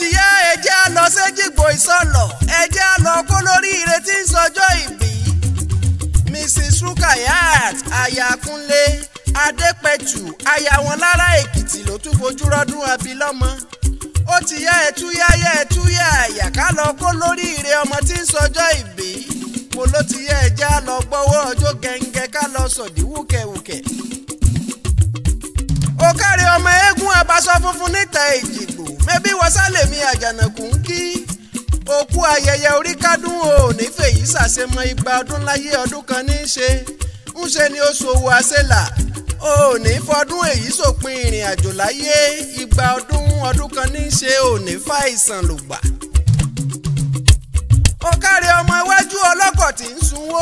tìyá ẹjẹ́ á lọ séjìgbò ìsọ̀lọ̀ ẹjẹ́ á lọ kó lórí ìrètí ìsọjọ́ ìbí Mrs. Rukayat ayakunle adépẹ̀tù aya wọn lára èkìtì ló tún fojú rọ́dún abilọ́mọ ó ti yá ẹtúyáyá ẹtúyá àyà ká lọ kó lórí ìrè ọmọ tí ń sọjọ́ ìbí mo ló ti yá ẹjẹ́ á lọ gbọ́wọ́ ọjọ́ gẹ́ngẹ́ ká lọ sọ̀dí wùkẹ̀wùkẹ̀ ó kárí ọmọ eégún abasọ funfun níta èjì mẹ́bí wọ́sá lèmi àjànàkú ń kí òkú ayẹyẹ orí kádùn ò ní fèyí ṣàṣemọ igba ọdún láyé ọdún kan ní í ṣe ń ṣe ni oṣù owó àṣẹlà ò ní fọdún èyí sòpin ìrìn àjò láyé igba ọdún ọdún kan ní í ṣe ò ní fa ìsàn lùgbà. ó kárí ọmọ iwájú ọlọ́kọ̀ tí ń sunwó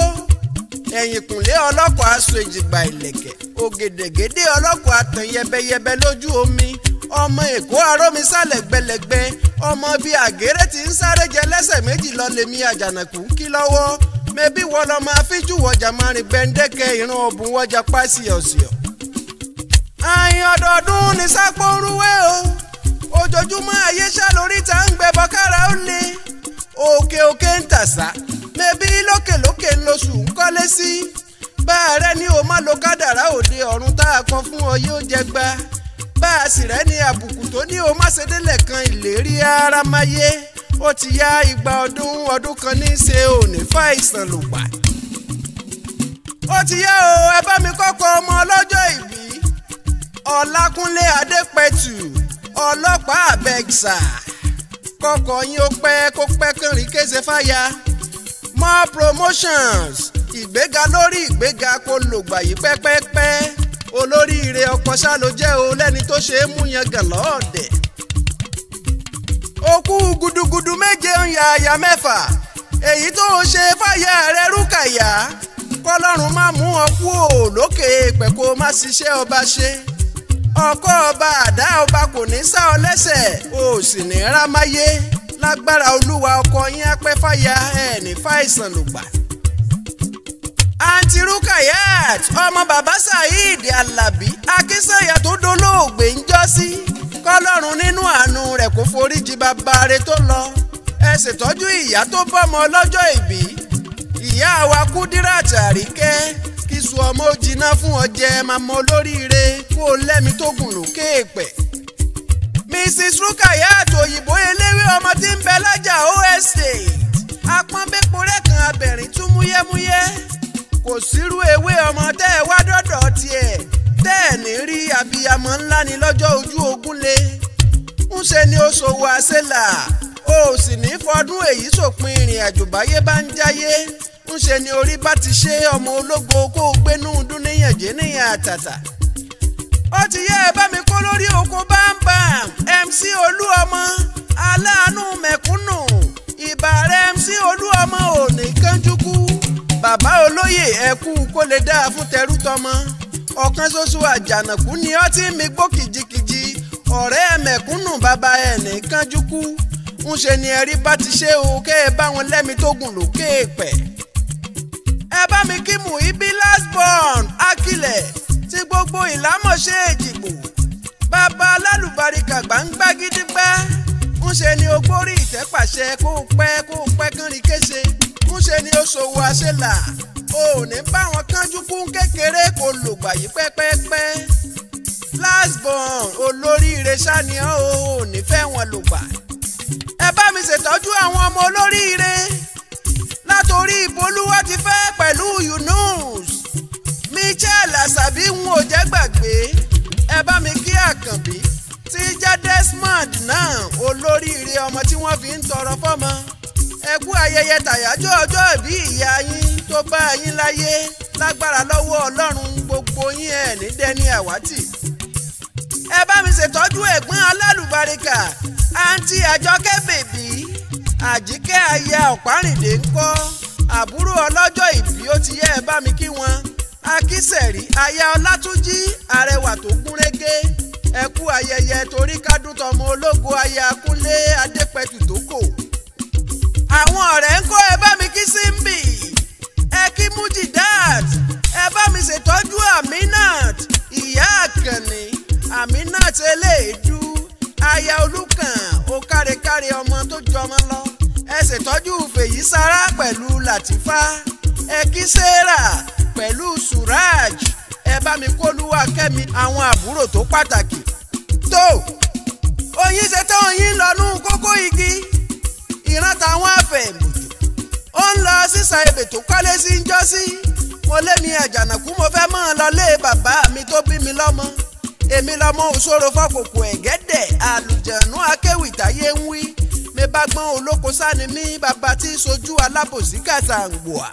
ẹ̀yìn kùnlé ọlọ́kọ̀ aṣọ èjìgbà ìlẹ̀kẹ̀ ògèdègèdè ọlọ́kọ̀ àtàn yẹbẹyẹbẹ lójú omi ọmọ èkó arómisá lẹ́gbẹ̀lẹ́gbẹ̀ ọmọ bíi àgéré ti ń sáré jẹ lẹ́sẹ̀ méjì lọ lèmi àjànàkú ń kí lọ́wọ́ mẹbí wọn lọ máa fíjú wọjà máa rìn gbẹ̀ǹdẹ́kẹ̀ ìran ọ̀bùn wọjà pàṣẹ ọ̀sìọ̀. àyìn ọ̀dọ̀ọdún ní sápó ń rúwé o ojoojúmọ́ ayé ṣá lórí ta ń gbẹbọ kára ó le òkè òkè ń tàṣà mẹbí lókèlókè ń lóṣù ń kọ́lé sí bá a rẹ ní má lo kádàrá òde ọ̀run tá a kan fún ọ yóò jẹ gbá bá a sì rẹ́ ní àbùkù tó ní o máṣedélẹ̀ kan ìlérí ara máyé ó ti yá igba ọdún ọdún kan ní ṣe òní fàìsàn ló pa. ó ti yá o ẹ bá mi kọ́kọ́ ọmọ ọlọ́jọ́ ìbí ọlákúnlé adépẹ̀tù ọlọ́pàá abẹ́gsà kọ́kọ́ yín ó pẹ́ kó pẹ́ kánrin kése fáya more promotions ìgbéga lórí ìgbéga kó lògbà yìí pẹ́pẹ́pẹ́. Pẹ́, pẹ́, pẹ́. olóríire ọkọ ṣá ló jẹ́ o lẹ́ni tó ṣe é mú yan gàn lọ́ọ̀dẹ̀. òkú gudugudu méje ń ya aya mẹ́fà èyí tó ń ṣe fàyà rẹ rúkàyà kọlọ́run má mú ọkú ò lókè èèpẹ̀ kó má ṣiṣẹ́ ọba ṣe ọkọ ọba àdá ọba kò ní sá ọ lẹ́sẹ̀ o sì ní rámáyé lágbára olúwa ọkọ yín á pẹ́ fàyà ẹ̀ ní fàìsàn lùgbà. ti Rukayat ọmọ bàbá Saheed Alabi Akínsànyà tó dolóògbé ń jọ́ sí kọ́lọ́run nínú àánú rẹ̀ kó foríjì bàbá rẹ̀ tó lọ ẹ ṣètọ́jú ìyá tó bọ́mọ ọlọ́jọ́ ìbí ìyá wa Kudirat Àríkẹ́ kí su ọmọ ó jiná fún ọ jẹ máa mọ olóríire kó o lẹ́mi tó gùn lókè èèpẹ̀. Mrs Rukayat òyìnbó eléwé ọmọ tí ń bẹ lájà osa apọ́nbẹ́pọ̀ rẹ̀ kan abẹ̀rìn tún múyẹ́múyẹ́ kò sírú ewé ọmọ tẹ́ ẹ wá dọ́dọ̀ tiẹ̀ tẹ́ ẹ ní rí abiyamọ ńlá ni lọ́jọ́ ojú ogun le ń ṣe ni ó ṣòwò àṣelà o sì ní fọdún èyí sòpin ìrìn àjò báyé bá ń jáyé ń ṣe ni orí bá ti ṣe ọmọ ológo kó o gbénú dúníyànjẹ́ níyàn àtàtà ó ti yẹ ẹ bá mi kó lórí okun bámbàm MC olúọmọ aláàánú mẹ bàbá olóyè ẹkú kó lè dáa fún tẹrú tọmọ ọ̀kan ṣoṣo àjànàkú ni ó ti mi gbó kìjikìji ọ̀rẹ́ mẹ̀kúnnù bàbá ẹnì kanjú kú ń ṣe ni ẹ̀rí bá ti ṣe o kẹ́ ẹ bá wọn lẹ́mi tó gùn lókè pẹ̀. ẹ bá mi kí Muibi lastborn akilẹ̀ tí gbogbo ìlámọ̀ṣe èjìgbò bàbá alálùbáríkà gbàǹgbà gidi ń ṣe ni ogbórí ìtẹ́pàṣẹ kó pẹ́ kó pẹ́ kán rí kése àtúnṣe ni ó ṣòwò àṣelà o ò ní bá wọn kánjú kún kékeré kó lògbà yìí pẹ́pẹ́pẹ́ lastborn olóríire ṣáni ọ́ o ò ní fẹ́ wọn lògbà ẹ bá mi ṣètọ́jú àwọn ọmọ olóríire látòrí ìbolúwa ti fẹ́ pẹ̀lú Yunus Michel Àṣàbí ń ò jẹ́ gbàgbé ẹ bá mi kí Àkànbí tí jẹ́ Desmond náà olóríire ọmọ tí wọ́n fi ń tọrọ fọ́mọ ẹ kú ayẹyẹ tàyájọ́ ọjọ́ ìbí ìyá yín tó bá yín láyé lágbára lọ́wọ́ ọlọ́run gbogbo yín ẹ̀ ní dẹ́ni àwátì. ẹ bá mi ṣètọ́jú ẹ̀gbọ́n alálùbáríkà àǹtí àjọkẹ́ bèbí àjíkẹ́ aya ọ̀párìndé ń kọ́ àbúrò ọlọ́jọ́ ìbí ó ti yẹ ẹ bá mi kí wọn akísẹ̀rí aya ọlátúnjí arẹwà tó gúnrégé ẹ kú ayẹyẹ torí kádùn tọmọ ológo aya kúnlé adépẹtù tó kò. ṣeléèdú aya olùkàn ó kárẹkárẹ ọmọ tó jọmọ lọ ẹ ṣètọ́jú fèyí sára pẹ̀lú làtífá ẹ kí sarah pẹ̀lú suraj ẹ bá mi kólúwa kẹ́mi àwọn àbúrò tó pàtàkì tó oyin ṣe tán oyin lọ́nú kókó igi ìran táwọn afẹ́mọ̀jò ó ń lọ sísan ebè tó kọ́lé sí ń jọ́sí mo lé mi àjànàkú mo fẹ́ mọ́ ọ lọ lé bàbá mi tó bí mi lọ́mọ èmi lọmọ òṣòro fàkòkò ẹ̀gẹ́dẹ̀ àlùjẹ̀nú akéwì táyé ń wí mi bá gbọ́n olóko sani mi bàbá tí sojú alábòsí kàtà ń gbòà.